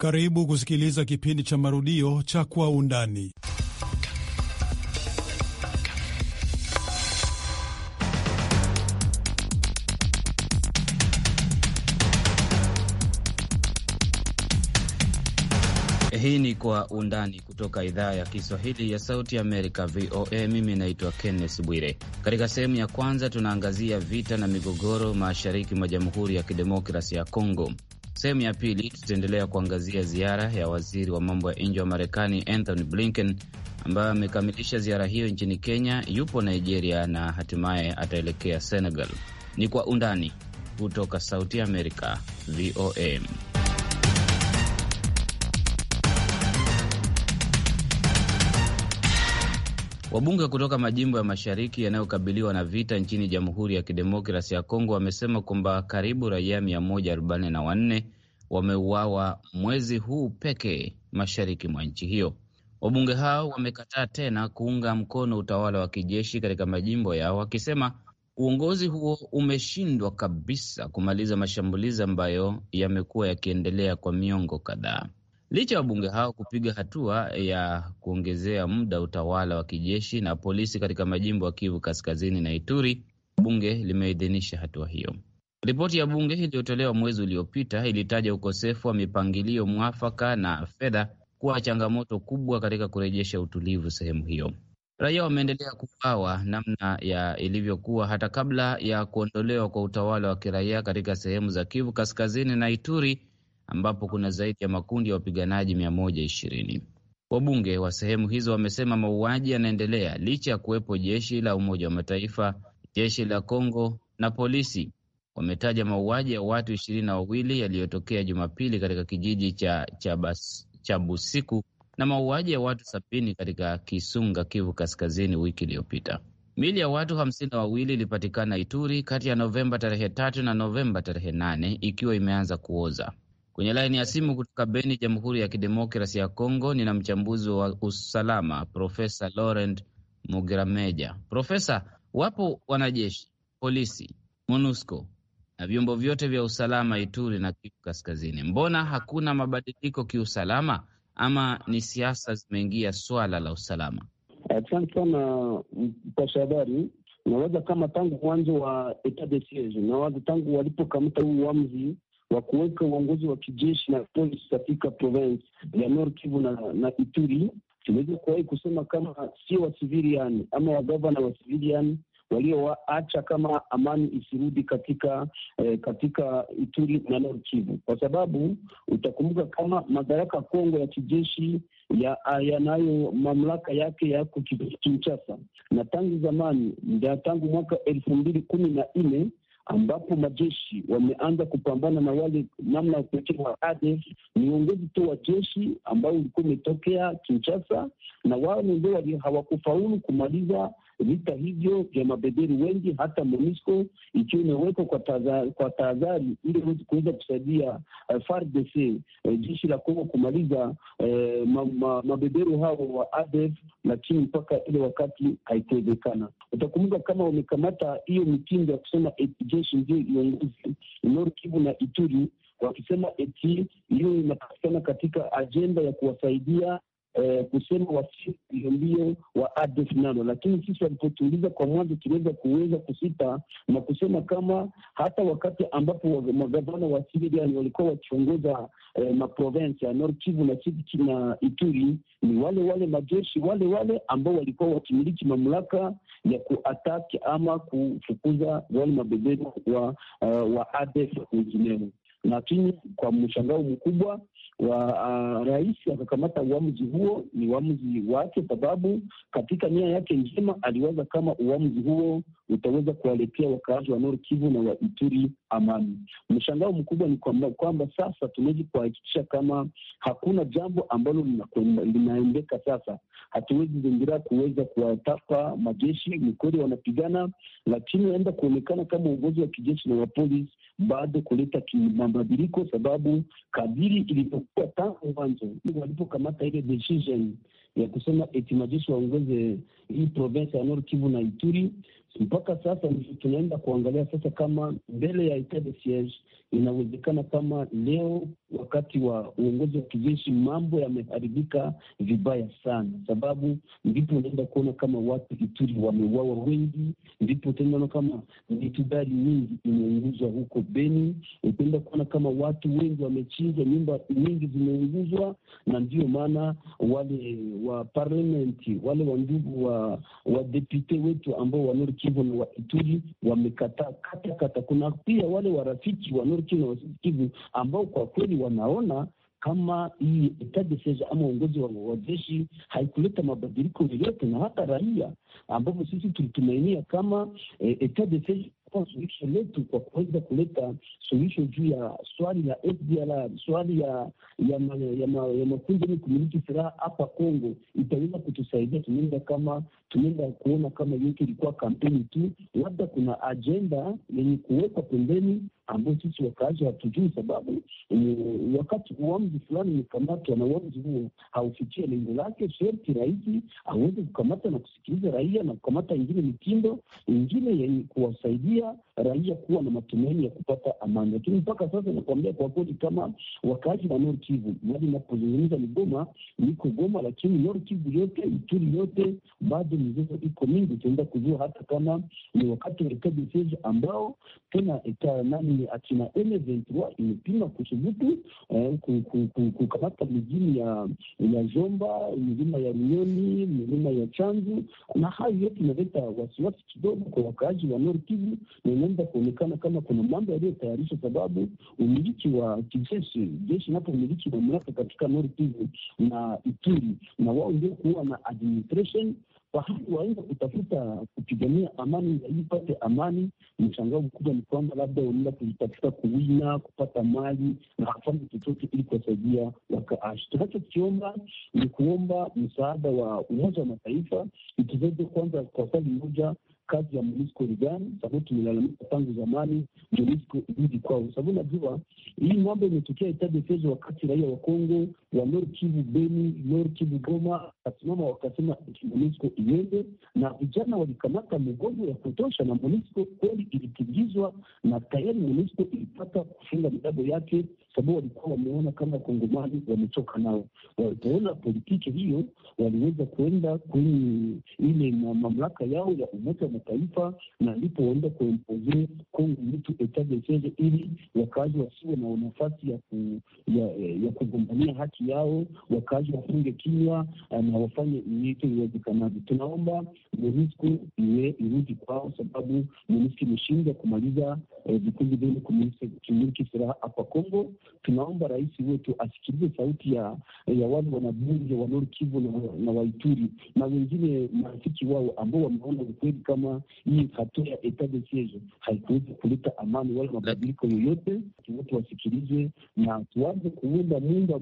Karibu kusikiliza kipindi cha marudio cha Kwa Undani. Hii ni Kwa Undani kutoka idhaa ya Kiswahili ya Sauti Amerika, VOA. Mimi naitwa Kenneth Bwire. Katika sehemu ya kwanza, tunaangazia vita na migogoro mashariki mwa Jamhuri ya Kidemokrasi ya Kongo. Sehemu ya pili tutaendelea kuangazia ziara ya waziri wa mambo ya nje wa Marekani Anthony Blinken ambaye amekamilisha ziara hiyo nchini Kenya, yupo Nigeria na hatimaye ataelekea Senegal. Ni kwa undani kutoka Sauti ya Amerika, VOA. Wabunge kutoka majimbo ya mashariki yanayokabiliwa na vita nchini Jamhuri ya Kidemokrasi ya Kongo wamesema kwamba karibu raia 144 wameuawa mwezi huu pekee mashariki mwa nchi hiyo. Wabunge hao wamekataa tena kuunga mkono utawala wa kijeshi katika majimbo yao, wakisema uongozi huo umeshindwa kabisa kumaliza mashambulizi ambayo yamekuwa yakiendelea kwa miongo kadhaa licha ya wabunge hao kupiga hatua ya kuongezea muda utawala wa kijeshi na polisi katika majimbo ya Kivu Kaskazini na Ituri, bunge limeidhinisha hatua hiyo. Ripoti ya bunge iliyotolewa mwezi uliopita ilitaja ukosefu wa mipangilio mwafaka na fedha kuwa changamoto kubwa katika kurejesha utulivu sehemu hiyo. Raia wameendelea kuuawa namna ya ilivyokuwa hata kabla ya kuondolewa kwa utawala wa kiraia katika sehemu za Kivu Kaskazini na Ituri ambapo kuna zaidi ya makundi ya wapiganaji 120. Wabunge wa sehemu hizo wamesema mauaji yanaendelea licha ya kuwepo jeshi la Umoja wa Mataifa, jeshi la Kongo na polisi. Wametaja mauaji ya watu ishirini na wawili yaliyotokea Jumapili katika kijiji cha Chabusiku na mauaji ya watu sabini katika Kisunga, Kivu Kaskazini, wiki iliyopita. Mili ya watu hamsini na wawili ilipatikana Ituri kati ya Novemba tarehe tatu na Novemba tarehe nane ikiwa imeanza kuoza. Kwenye laini ya simu kutoka Beni, Jamhuri ya Kidemokrasi ya Kongo, nina mchambuzi wa usalama Profesa Laurent mugrameja Profesa, wapo wanajeshi, polisi, MONUSCO na vyombo vyote vya usalama Ituri na Kivu Kaskazini, mbona hakuna mabadiliko kiusalama, ama ni siasa zimeingia swala la usalama? Asante sana mpasha habari. Nawaza kama tangu mwanzo wa etat de siege, nawaza tangu walipokamata huu uamuzi wa kuweka uongozi wa kijeshi na polisi katika province ya Nord Kivu na, na Ituri. Tunaweza kuwahi kusema kama sio wasiviliani ama wagavana wasiviliani walioacha kama amani isirudi katika eh, katika Ituri na Nord Kivu, kwa sababu utakumbuka kama madaraka Kongo ya kijeshi yanayo ya mamlaka yake yako Kinshasa, na tangu zamani ya tangu mwaka elfu mbili kumi na nne ambapo majeshi wameanza kupambana na wale namna ya pekee wa ADF. Ni uongozi tu wa jeshi ambao ulikuwa umetokea Kinshasa, na wao ndio hawakufaulu kumaliza vita hivyo vya mabeberu wengi, hata MONUSCO ikiwa imewekwa kwa tahadhari ili kuweza kusaidia uh, eh, FARDC uh, eh, jeshi la Kongo kumaliza uh, ma, ma, mabeberu hao wa ADF, lakini mpaka ile wakati haikuwezekana. Utakumbuka kama wamekamata hiyo mitindo ya kusema eti jeshi ndio iongozi Nord Kivu na Ituri, wakisema eti hiyo inapatikana katika ajenda ya kuwasaidia eh, kusema wasi mbio wa ADF nalo, lakini sisi walipotuuliza kwa mwanzo tuliweza kuweza kusita na kusema kama hata wakati ambapo magavana wa Syria walikuwa wakiongoza eh, maprovensi ya Nord Kivu na Sud na Ituri, ni wale wale majeshi wale wale ambao walikuwa wakimiliki mamlaka ya kuataki ama kufukuza wale mabeberu wa, uh, wa ADF wengineo lakini kwa mshangao mkubwa wa uh, rais akakamata uamuzi huo, ni uamuzi wake, sababu katika nia yake njema aliwaza kama uamuzi huo utaweza kuwaletea wakaazi wa Nord Kivu na wa Ituri amani. Mshangao mkubwa ni kwamba kwamba sasa tunaweza kuhakikisha kama hakuna jambo ambalo linaendeka sasa. Hatuwezi zingira kuweza kuwatapa majeshi mikori wanapigana, lakini aenda kuonekana kama uongozi wa kijeshi na wa polisi bado kuleta kimabadiliko, sababu kadiri ilivyokuwa tangu mwanzo walipokamata ile decision ya kusema eti majeshi waongoze hii province ya Nord Kivu na Ituri mpaka sasa tunaenda kuangalia sasa kama mbele ya etat de siege inawezekana kama leo wakati wa uongozi wa kijeshi mambo yameharibika vibaya sana, sababu ndipo unaenda kuona kama watu Ituri wameuawa wengi, ndipo utaenda kama mitudari nyingi imeunguzwa huko Beni, utaenda kuona kama watu wengi wamechinjwa, nyumba nyingi zimeunguzwa, na ndio maana wale wa parlamenti wale wandugu wa, wa depute wetu ambao wa Kivu na Waituri wamekataa kata kata. Kuna pia wale warafiki wa Nord Kivu na West Kivu ambao kwa kweli wanaona kama hii etadeseja ama uongozi wa wajeshi haikuleta mabadiliko yoyote, na hata raia ambapo sisi tulitumainia kama eh, e, kwa suluhisho letu kwa kuweza kuleta suluhisho juu ya swali la FDLR, swali ya ya makundi ni kumiliki silaha hapa Kongo, itaweza kutusaidia tunaenda kama tunaenda kuona kama hiyo ilikuwa kampeni tu, labda kuna ajenda yenye kuwekwa pembeni ambayo sisi wakaaji hatujui, sababu wakati uamuzi fulani umekamatwa na uamuzi huo haufikia lengo lake, sherti rahisi aweze kukamata na kusikiliza raia na kukamata ingine mitindo ingine yenye kuwasaidia raia kuwa na matumaini ya kupata amani. Lakini mpaka sasa nakuambia kwa kweli, kama wakaaji wa Nord Kivu, mali napozungumza ni Goma, niko Goma, lakini Nord Kivu yote, Ituri yote bado mizigo iko mingi, tunaweza kujua hata kama ni wakati wa rekebishaji ambao tena nani akina M23 imepima kusubutu eh, kukamata mijini ya ya Jomba, milima ya Runyoni, milima ya Chanzu, na hayo yote inaleta wasiwasi kidogo kwa wakaaji wa Nord Kivu, na inaanza kuonekana kama kuna mambo yaliyotayarishwa, sababu umiliki wa kijeshi jeshi umiliki mamlaka katika Nord Kivu na Ituri, na wao ndio kuwa na administration wahali waweza kutafuta kupigania amani zaidi, pate amani. Mshangao mkubwa ni kwamba labda wanaenda kujitafuta kuwina, kupata mali na hafanyi chochote ili kuwasaidia wakaashi. Tunachokiomba ni kuomba msaada wa Umoja wa Mataifa ikiweze kwanza kwa sali moja kazi ya MONUSCO ni gani, sababu tumelalamika tangu zamani MONUSCO irudi kwao, sababu najua hii mambo imetokea itadefezo wakati raia wa Kongo wa Nord Kivu, Beni, Nord Kivu, Goma wakasimama wakasema MONUSCO iende, na vijana walikamata mgomo ya kutosha, na MONUSCO kweli ilitingizwa na tayari MONUSCO ilipata kufunga mitambo yake sababu walikuwa wameona kama wakongomani wametoka nao. Walipoona politiki hiyo, waliweza kuenda kwenye ile mamlaka yao ya Umoja wa Mataifa, na ndipo waenda kuempozee Kongo yetu etadesere, ili wakazi wasiwe na nafasi ya, ku, ya, ya kugombania haki yao, wakazi wafunge kinywa eh, na wafanye yetu iwezekanavyo. Tunaomba MONUSCO iwe irudi kwao, sababu MONUSCO imeshindwa kumaliza eh, vikundi vile kumiliki silaha hapa Kongo tunaomba rais wetu asikilize sauti ya ya wale wanabunge wa Nord Kivu na, na Waituri na wengine marafiki wao ambao wameona ukweli kama hii hatua ya etat de siege kuleta amani wala mabadiliko yoyote. Wote wasikilizwe na tuanze kuunda muundo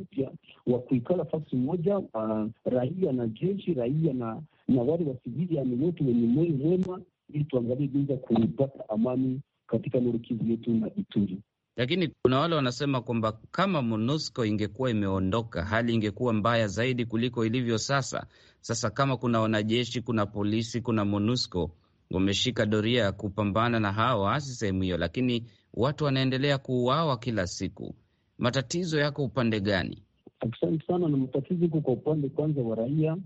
mpya wa kuikala fasi moja, uh, raia na jeshi, raia na na wale wasiviliani wote wenye moyo mwema, ili tuangalie jinsi ya kupata amani katika Nord Kivu yetu na Ituri. Lakini kuna wale wanasema kwamba kama MONUSCO ingekuwa imeondoka, hali ingekuwa mbaya zaidi kuliko ilivyo sasa. Sasa kama kuna wanajeshi, kuna polisi, kuna MONUSCO wameshika doria ya kupambana na hawa waasi sehemu hiyo, lakini watu wanaendelea kuuawa kila siku. Matatizo yako upande gani? Asante sana. Na matatizo huko kwa upande kwanza wa raia,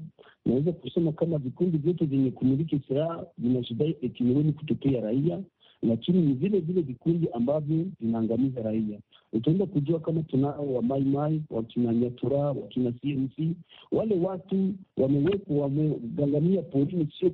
naweza kusema kama vikundi vyote vyenye kumiliki silaha vinashidai eti ni raia lakini ni vile vile vikundi ambavyo vinaangamiza raia. Utaenda kujua kama tunao wa maimai, wakina Nyatura, wakina CMC, wale watu wamewekwa, wamegangamia porini, sio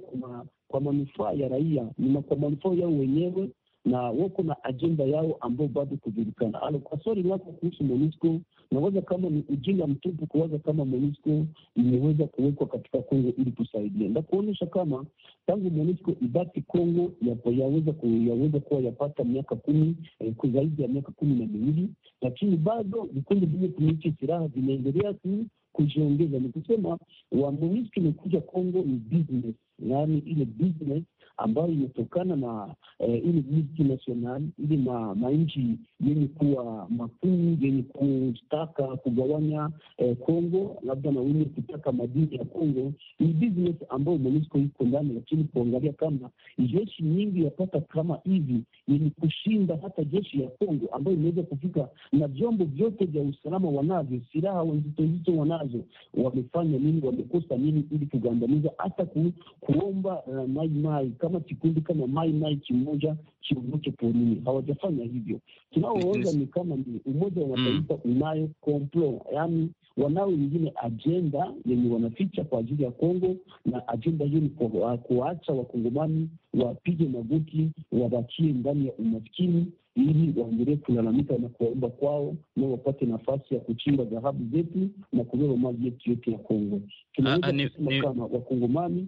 kwa manufaa ya raia, ni kwa manufaa yao wenyewe na wako na ajenda yao ambao bado kujulikana. Alo, kwa swali lako kuhusu MONUSCO, naweza kama ni ujinga mtupu kuwaza kama MONUSCO imeweza kuwekwa katika Kongo ili kusaidia na kuonyesha kama tangu MONUSCO ibaki Kongo yaweza yaweza kuwa yapata miaka kumi eh, zaidi ya miaka kumi na miwili, lakini bado vikundi vile kumiliki silaha vinaendelea tu kujiongeza. Ni kusema wa MONUSCO imekuja Kongo ni business, yaani ile business ambayo imetokana na eh, ili multinational ili ma, manchi yenye kuwa makuu yenye kutaka kugawanya eh, Kongo eh, labda na wenye kutaka madini ya Kongo. Ni business ambayo MONUSCO iko ndani, lakini kuangalia kama jeshi nyingi yapata kama hivi yenye kushinda hata jeshi ya Kongo ambayo imeweza kufika na vyombo vyote vya usalama wanavyo, silaha nzito nzito wanazo, wamefanya nini? Wamekosa nini ili kugandamiza hata ku, kuomba uh, eh, maimai kama kikundi kama Mai Mai kimoja kiondoke porini. Hawajafanya hivyo. Tunaoonza ni kama ni Umoja wa mm. Mataifa unayo komplo, yaani wanao wengine ajenda yenye wanaficha kwa ajili ya Kongo, na ajenda hiyo ni uh, kuacha wakongomani wapige magoti, wabakie ndani ya umaskini ili waendelee kulalamika na kuwaomba kwao na wapate nafasi ya kuchimba dhahabu zetu na kubeba maji yetu yote ya Kongo. Tunaweza ah, ah, kusema kama wakongomani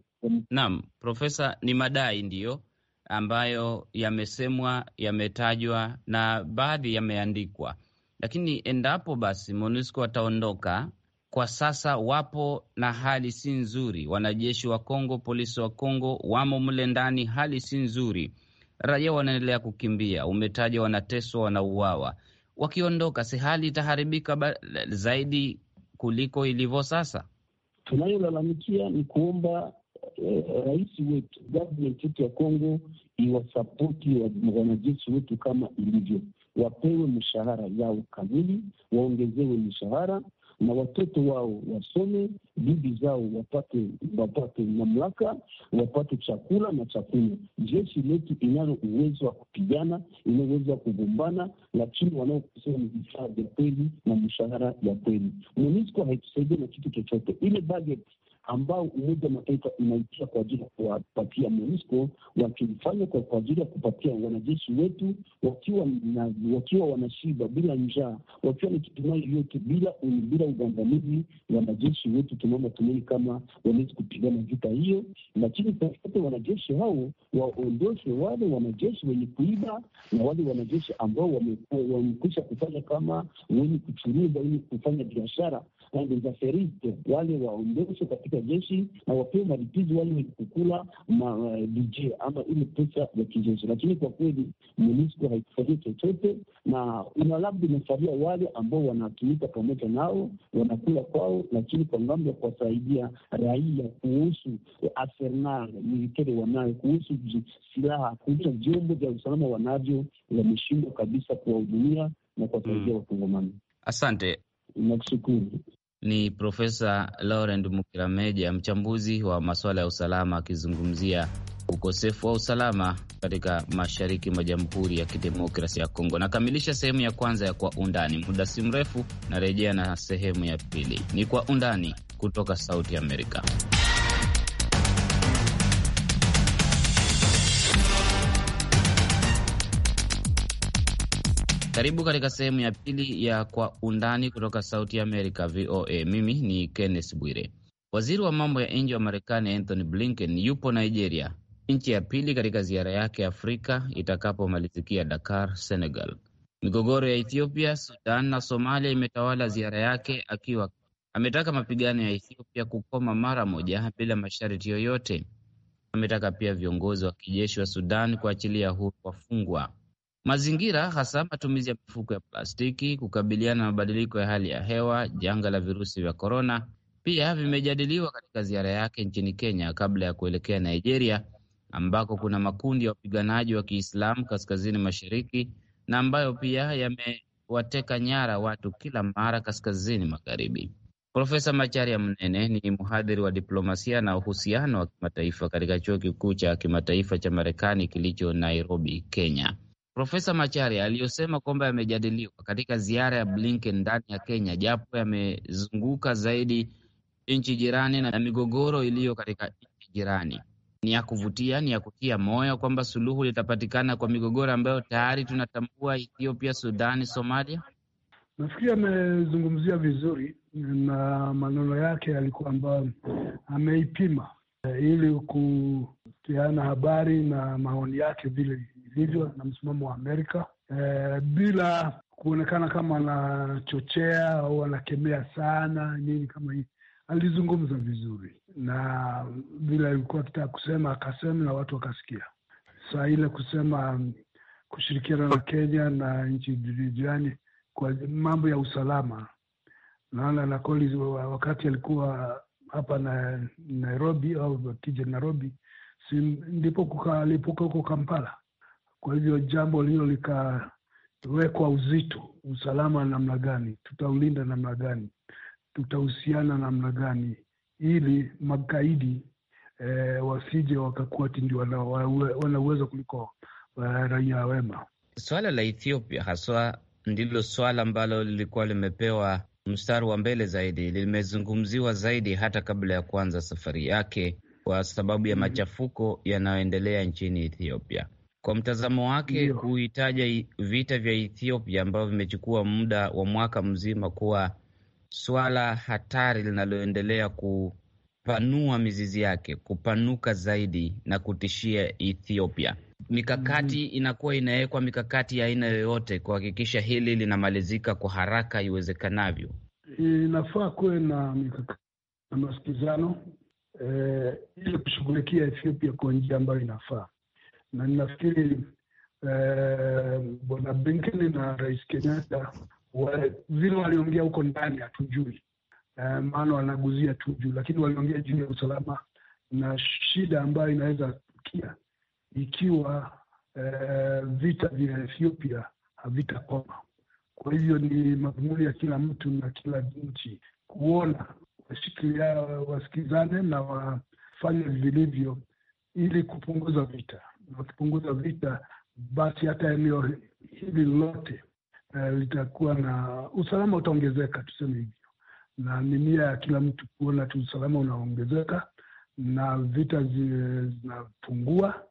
Naam, Profesa, ni madai ndiyo ambayo yamesemwa, yametajwa na baadhi yameandikwa, lakini endapo basi MONUSCO wataondoka kwa sasa wapo na hali si nzuri. Wanajeshi wa Kongo, polisi wa Kongo wamo mle ndani, hali si nzuri. Raia wanaendelea kukimbia, umetaja wanateswa, wanauawa. Wakiondoka, si hali itaharibika zaidi kuliko ilivyo sasa? Tunayolalamikia ni kuomba eh, rais wetu government yetu ya Kongo iwasapoti wanajeshi wetu kama ilivyo, wapewe mishahara yao kamili, waongezewe mishahara na watoto wao wasome, bibi zao wapate wapate mamlaka, wapate chakula na chakunywa. Jeshi letu inalo uwezo wa kupigana, ina uwezo wa kugombana, lakini wanaokosea ni vifaa vya kweli na mshahara ya kweli. MONUSCO haitusaidia na kitu chochote. Ile ambao Umoja wa Mataifa unaitia kwa ajili ya kuwapatia MONUSCO, wakifanya kwa ajili ya kupatia wanajeshi wetu wakiwa na, wakiwa wanashiba bila njaa, wakiwa na kitumai yote bila bila ugandamizi. Wanajeshi wetu tunaona tumeni kama wawezi kupigana vita hiyo, lakini taate wanajeshi hao waondoshe wale wanajeshi wenye kuiba na wale wanajeshi ambao wamekwisha kufanya kama wenye kuchuruza, wenye kufanya biashara, wale waondoshe katika katika jeshi na wapewe malipizi wale wenye kukula mabije eh, ama ile pesa ya kijeshi. Lakini kwa kweli MONUSCO haikufanyia chochote, na una labda imesalia wale ambao wanatumika pamoja nao wanakula kwao, lakini kwa ngambo ya kuwasaidia raia kuhusu arsenal militeri wanayo, kuhusu silaha, kuhusu vyombo vya usalama wanavyo, wameshindwa kabisa kuwahudumia na kuwasaidia mm. Wakongomani. Asante, nakushukuru. Ni Profesa Laurent Mukirameja, mchambuzi wa masuala ya usalama, akizungumzia ukosefu wa usalama katika mashariki mwa Jamhuri ya Kidemokrasia ya Kongo. Nakamilisha sehemu ya kwanza ya Kwa Undani. Muda si mrefu narejea na sehemu ya pili. Ni Kwa Undani kutoka Sauti Amerika. Karibu katika sehemu ya pili ya Kwa Undani kutoka Sauti Amerika, VOA. Mimi ni Kenneth Bwire. Waziri wa mambo ya nje wa Marekani Anthony Blinken yupo Nigeria, nchi ya pili katika ziara yake Afrika itakapomalizikia Dakar, Senegal. Migogoro ya Ethiopia, Sudan na Somalia imetawala ziara yake, akiwa ametaka mapigano ya Ethiopia kukoma mara moja bila masharti yoyote. Ametaka pia viongozi wa kijeshi wa Sudan kuachilia huru wafungwa mazingira, hasa matumizi ya mifuko ya plastiki, kukabiliana na mabadiliko ya hali ya hewa, janga la virusi vya korona, pia vimejadiliwa katika ziara yake nchini Kenya kabla ya kuelekea Nigeria ambako kuna makundi ya wapiganaji wa Kiislamu kaskazini mashariki na ambayo pia yamewateka nyara watu kila mara kaskazini magharibi. Profesa Macharia Mnene ni mhadhiri wa diplomasia na uhusiano wa kimataifa katika chuo kikuu cha kimataifa cha Marekani kilicho Nairobi, Kenya. Profesa Macharia aliyosema kwamba yamejadiliwa katika ziara ya Blinken ndani ya Kenya, japo yamezunguka zaidi nchi jirani na migogoro iliyo katika nchi jirani, ni ya kuvutia, ni ya kutia moyo kwamba suluhu litapatikana kwa migogoro ambayo tayari tunatambua, Ethiopia, Sudani, Somalia. Nafikiri amezungumzia vizuri na maneno yake yalikuwa ambayo ameipima eh, ili kutiana habari na maoni yake vile vilivyo na msimamo wa Amerika e, bila kuonekana kama anachochea au anakemea sana nini kama hii. Alizungumza vizuri na vile alikuwa akitaka kusema akasema, na watu wakasikia. Saa ile kusema kushirikiana na Kenya na nchi jirani kwa mambo ya usalama, naona na Collins wakati alikuwa hapa na Nairobi au akija Nairobi si ndipo kukalipuka huko Kampala kwa hivyo jambo lilo likawekwa uzito, usalama namna gani, tutaulinda namna gani, tutahusiana namna gani, ili magaidi e, wasije wakakuwa tindi wana uwezo kuliko eh, raia wema. Swala la Ethiopia haswa ndilo swala ambalo lilikuwa limepewa mstari wa mbele zaidi, limezungumziwa zaidi hata kabla ya kuanza safari yake, kwa sababu ya mm-hmm. machafuko yanayoendelea nchini Ethiopia. Kwa mtazamo wake kuitaja vita vya Ethiopia ambavyo vimechukua muda wa mwaka mzima kuwa swala hatari linaloendelea kupanua mizizi yake, kupanuka zaidi na kutishia Ethiopia. Mikakati mm-hmm. inakuwa inawekwa, mikakati ya aina yoyote kuhakikisha hili linamalizika kwa haraka iwezekanavyo. Inafaa kuwe na mikakati na masikizano, eh, ili kushughulikia Ethiopia kwa njia ambayo inafaa na ninafikiri eh, bwana Blinken na rais Kenyatta vile waliongea huko ndani hatujui, eh, maana wanaguzia tu juu, lakini waliongea juu ya usalama na shida ambayo inaweza tukia ikiwa eh, vita vya Ethiopia havitakoma. Kwa hivyo ni madhumuni ya kila mtu na kila nchi kuona washikilia, eh, wasikizane na wafanye vilivyo ili kupunguza vita wakipunguza vita, basi hata eneo hili lote uh, litakuwa na usalama utaongezeka, tuseme hivyo, na ni nia ya kila mtu kuona tu usalama unaongezeka na vita zinapungua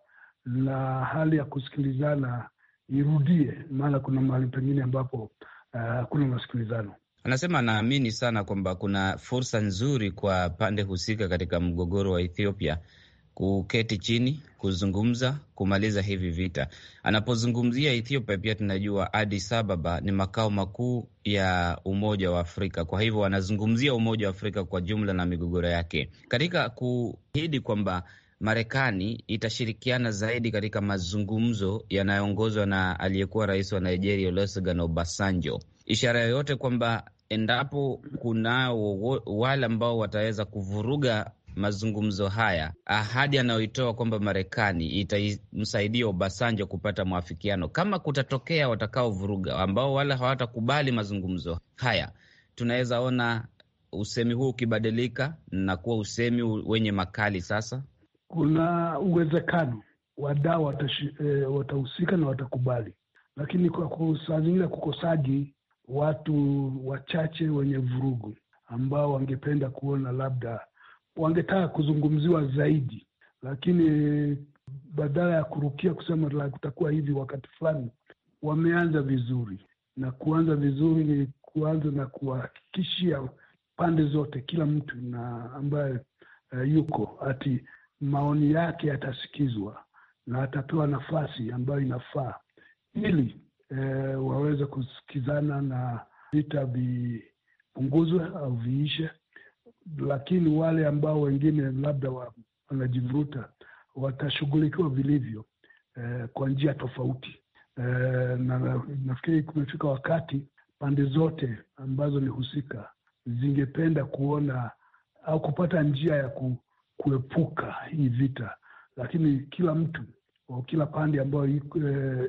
na hali ya kusikilizana irudie, maana kuna mahali pengine ambapo eh, hakuna uh, masikilizano. Anasema anaamini sana kwamba kuna fursa nzuri kwa pande husika katika mgogoro wa Ethiopia kuketi chini, kuzungumza, kumaliza hivi vita. Anapozungumzia Ethiopia, pia tunajua Addis Ababa ni makao makuu ya Umoja wa Afrika. Kwa hivyo wanazungumzia Umoja wa Afrika kwa jumla na migogoro yake, katika kuahidi kwamba Marekani itashirikiana zaidi katika mazungumzo yanayoongozwa na aliyekuwa rais wa Nigeria Olusegun Obasanjo, ishara yoyote kwamba endapo kunao wale ambao wataweza kuvuruga mazungumzo haya, ahadi anayoitoa kwamba Marekani itamsaidia Obasanjo kupata mwafikiano, kama kutatokea watakaovuruga, ambao wala hawatakubali mazungumzo haya, tunaweza ona usemi huu ukibadilika na kuwa usemi wenye makali. Sasa kuna uwezekano wadau eh, watahusika, e, na watakubali, lakini kwa saa zingine kukosaji watu wachache wenye vurugu ambao wangependa kuona labda wangetaka kuzungumziwa zaidi, lakini badala ya kurukia kusema la kutakuwa hivi wakati fulani, wameanza vizuri, na kuanza vizuri ni kuanza na kuhakikishia pande zote, kila mtu na ambaye uh, yuko ati maoni yake yatasikizwa na atapewa nafasi ambayo inafaa ili uh, waweze kusikizana na vita vipunguzwe au viishe, lakini wale ambao wengine labda wanajivuruta watashughulikiwa vilivyo eh, kwa njia tofauti eh, na nafikiri kumefika wakati pande zote ambazo ni husika zingependa kuona au kupata njia ya ku, kuepuka hii vita, lakini kila mtu au kila pande ambayo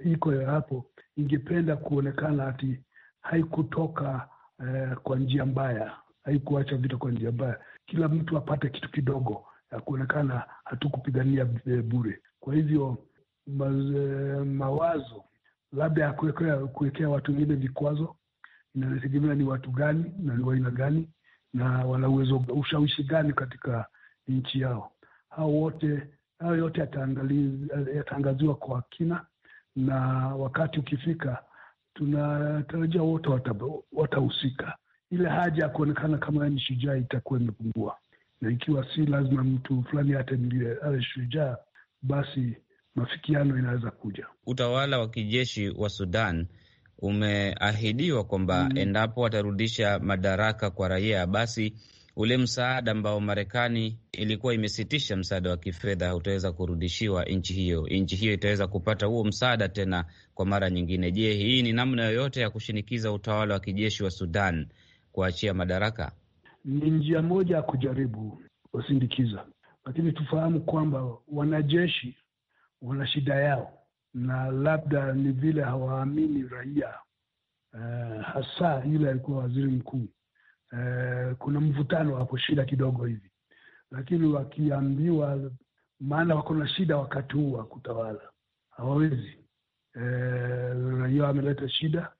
iko, e, hapo ingependa kuonekana ati haikutoka e, kwa njia mbaya haikuacha vita kwa njia mbaya, kila mtu apate kitu kidogo ya kuonekana hatukupigania bure. Kwa hivyo mawazo labda ya kuwekea watu wengine vikwazo inategemea ni watu gani na ni waina gani na wana uwezo ushawishi gani katika nchi yao. Hao wote hayo yote yataangaziwa kwa kina, na wakati ukifika tunatarajia wote watahusika, ile haja ya kuonekana kama ni shujaa itakuwa imepungua, na ikiwa si lazima mtu fulani atemiliwe awe shujaa, basi mafikiano inaweza kuja. Utawala wa kijeshi wa Sudan umeahidiwa kwamba mm, endapo watarudisha madaraka kwa raia, basi ule msaada ambao Marekani ilikuwa imesitisha msaada wa kifedha utaweza kurudishiwa nchi hiyo. Nchi hiyo itaweza kupata huo msaada tena kwa mara nyingine. Je, hii ni namna yoyote ya kushinikiza utawala wa kijeshi wa Sudan kuachia madaraka? Ni njia moja ya kujaribu kusindikiza, lakini tufahamu kwamba wanajeshi wana shida yao, na labda ni vile hawaamini raia uh, hasa yule alikuwa waziri mkuu uh, kuna mvutano hapo, shida kidogo hivi, lakini wakiambiwa, maana wako na shida wakati huu wa kutawala hawawezi. Uh, raia wameleta shida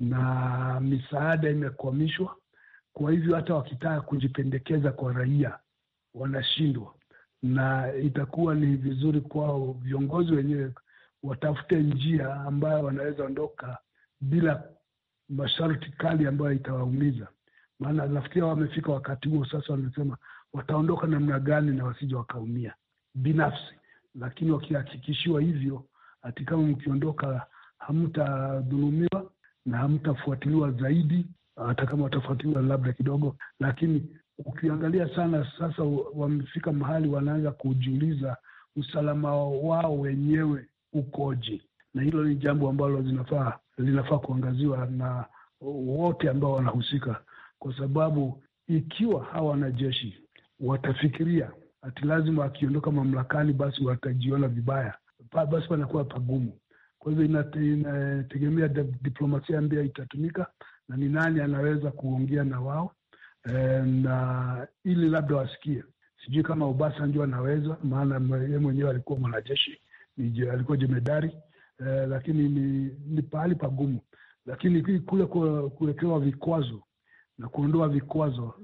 na misaada imekwamishwa. Kwa hivyo hata wakitaka kujipendekeza kwa raia wanashindwa, na itakuwa ni vizuri kwao viongozi wenyewe watafute njia ambayo wanaweza ondoka bila masharti kali ambayo itawaumiza. Maana nafikiria wamefika wakati huo sasa, wanasema wataondoka namna gani na wasije wakaumia binafsi, lakini wakihakikishiwa hivyo, hati kama mkiondoka hamtadhulumiwa na hamtafuatiliwa zaidi, ah, hata kama watafuatiliwa labda kidogo, lakini ukiangalia sana sasa, wamefika mahali wanaanza kujiuliza usalama wao wenyewe ukoje, na hilo ni jambo ambalo zinafaa linafaa kuangaziwa na wote ambao wanahusika, kwa sababu ikiwa hawa wanajeshi watafikiria ati lazima akiondoka mamlakani basi watajiona vibaya, basi panakuwa pagumu. Kwa hivyo inategemea diplomasia mbia itatumika na ni nani anaweza kuongea na wao eh, na ili labda wasikie. Sijui kama Obasanjo anaweza, maana ye mwenyewe alikuwa mwanajeshi, alikuwa jemedari e, lakini ni, ni pahali pagumu, lakini kule kuwekewa vikwazo na kuondoa vikwazo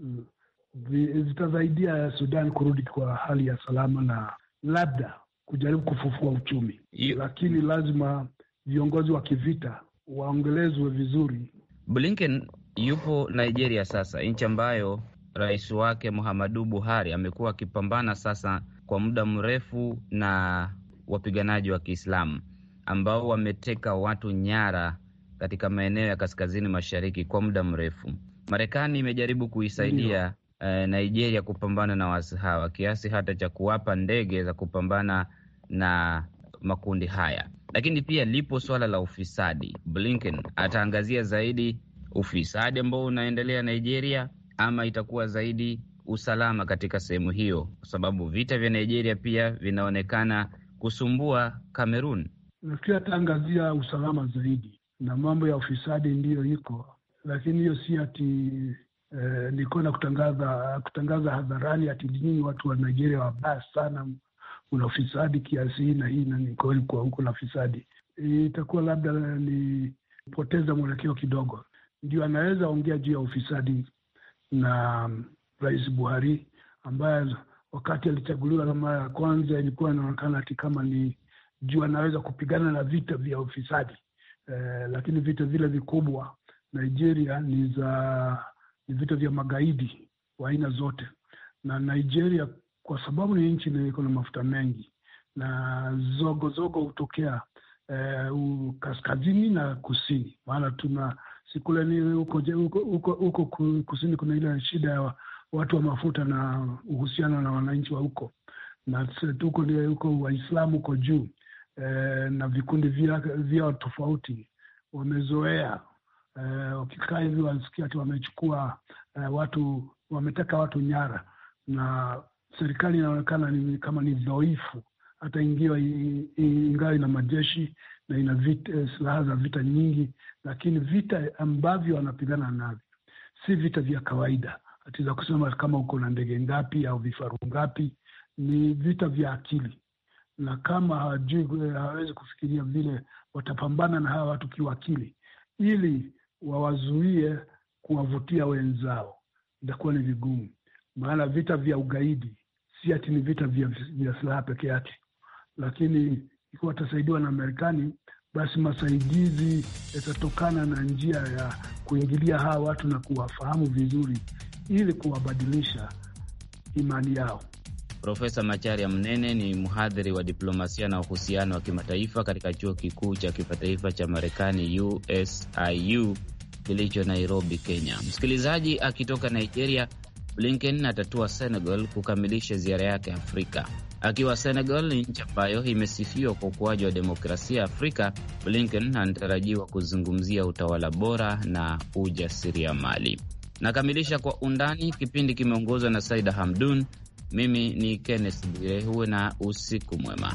eh, zitasaidia Sudan kurudi kwa hali ya salama na labda kujaribu kufufua uchumi yeah. Lakini lazima viongozi wa kivita waongelezwe vizuri. Blinken yupo Nigeria sasa, nchi ambayo rais wake Muhammadu Buhari amekuwa akipambana sasa kwa muda mrefu na wapiganaji wa Kiislamu ambao wameteka watu nyara katika maeneo ya kaskazini mashariki kwa muda mrefu. Marekani imejaribu kuisaidia Eh, Nigeria kupambana na waasi hawa kiasi hata cha kuwapa ndege za kupambana na makundi haya. Lakini pia lipo swala la ufisadi. Blinken ataangazia zaidi ufisadi ambao unaendelea Nigeria, ama itakuwa zaidi usalama katika sehemu hiyo, kwa sababu vita vya Nigeria pia vinaonekana kusumbua Kamerun. Nafikiri ataangazia usalama zaidi na mambo ya ufisadi ndiyo iko, lakini hiyo si ati eh, nilikuwa na kutangaza kutangaza hadharani ati nyinyi watu wa Nigeria wabaya sana, una ufisadi kiasi hii na hii, na ni kweli kwa huko na fisadi, itakuwa labda ni poteza mwelekeo kidogo. Ndio anaweza ongea juu ya ufisadi na mm, Rais Buhari ambaye wakati alichaguliwa na mara ya kwanza ilikuwa inaonekana ati kama ni juu anaweza kupigana na vita vya ufisadi eh, lakini vita vile vikubwa Nigeria ni za ni vita vya magaidi wa aina zote, na Nigeria kwa sababu ni nchi iko na mafuta mengi na zogozogo hutokea eh, kaskazini na kusini, maana tuna sikule huko kusini kuna ile shida ya watu wa mafuta na uhusiano na wananchi wa huko na tuko ndio huko Waislamu huko juu eh, na vikundi vyao vya tofauti wamezoea Eh, wakikaa hivi wanasikia ati wamechukua uh, watu wameteka watu nyara, na serikali inaonekana ni kama ni dhoifu hata ingiwa ingawa ina majeshi na ina eh, silaha za vita nyingi, lakini vita ambavyo wanapigana navyo si vita vya kawaida ati za kusema kama uko na ndege ngapi au vifaru ngapi. Ni vita vya akili, na kama hawajui hawawezi kufikiria vile watapambana na hawa watu kiwakili, ili wawazuie kuwavutia wenzao, itakuwa ni vigumu. Maana vita vya ugaidi si ati ni vita vya, vya silaha peke yake, lakini ikiwa watasaidiwa na Marekani basi masaidizi yatatokana na njia ya kuingilia hawa watu na kuwafahamu vizuri ili kuwabadilisha imani yao. Profesa Macharia Mnene ni mhadhiri wa diplomasia na uhusiano wa kimataifa katika chuo kikuu cha kimataifa cha Marekani, USIU kilicho Nairobi, Kenya. Msikilizaji akitoka Nigeria, Blinken atatua Senegal kukamilisha ziara yake Afrika. Akiwa Senegal, ni nchi ambayo imesifiwa kwa ukuaji wa demokrasia Afrika, Blinken anatarajiwa kuzungumzia utawala bora na ujasiriamali. Nakamilisha kwa undani. Kipindi kimeongozwa na Saida Hamdun. Mimi ni Kenneth Bwire, huwe na usiku mwema.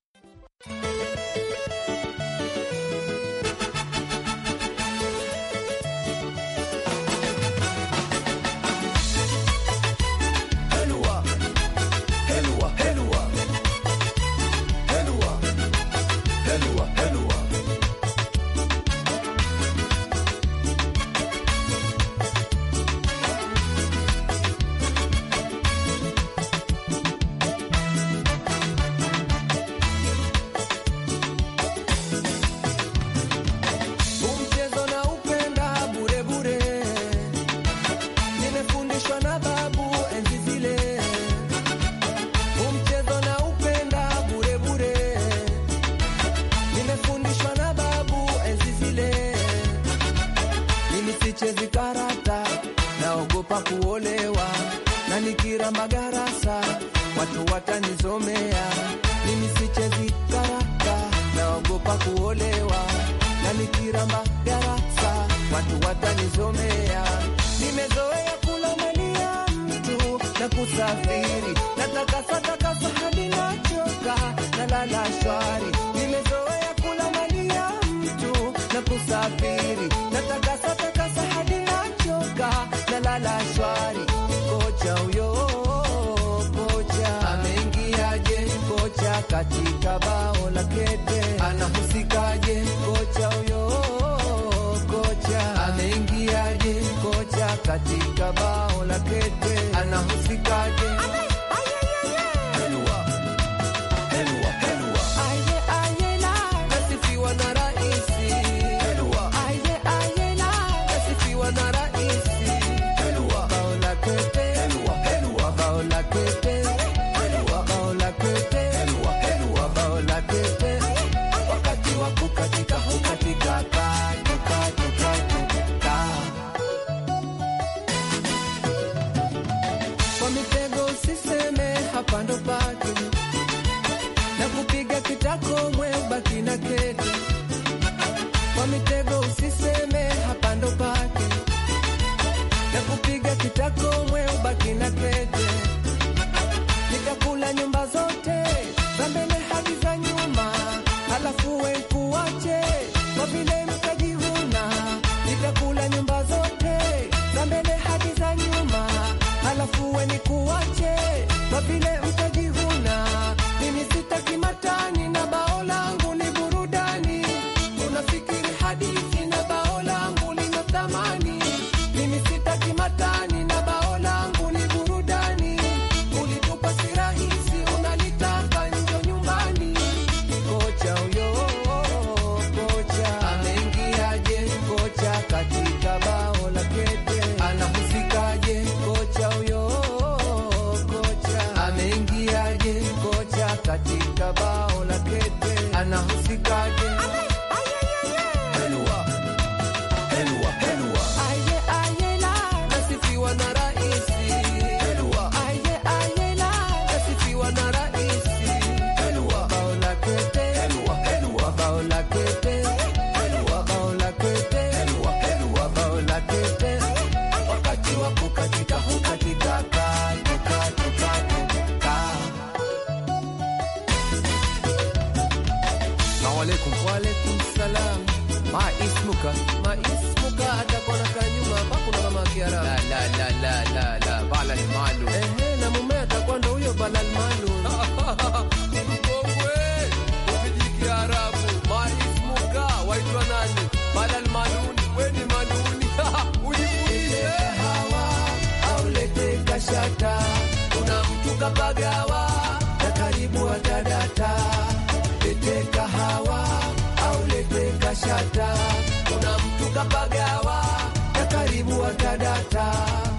sichezi karata, naogopa kuolewa na nikira magarasa watu watanizomea. Mimi sichezi karata, naogopa kuolewa na nikira magarasa watu watanizomea. Nimezoea kulalania mtu na kusafiri katika bao la kete anahusikaje? mboga bagawa na karibu watadata, lete kahawa au lete kashata, kuna mtu kapagawa na karibu watadata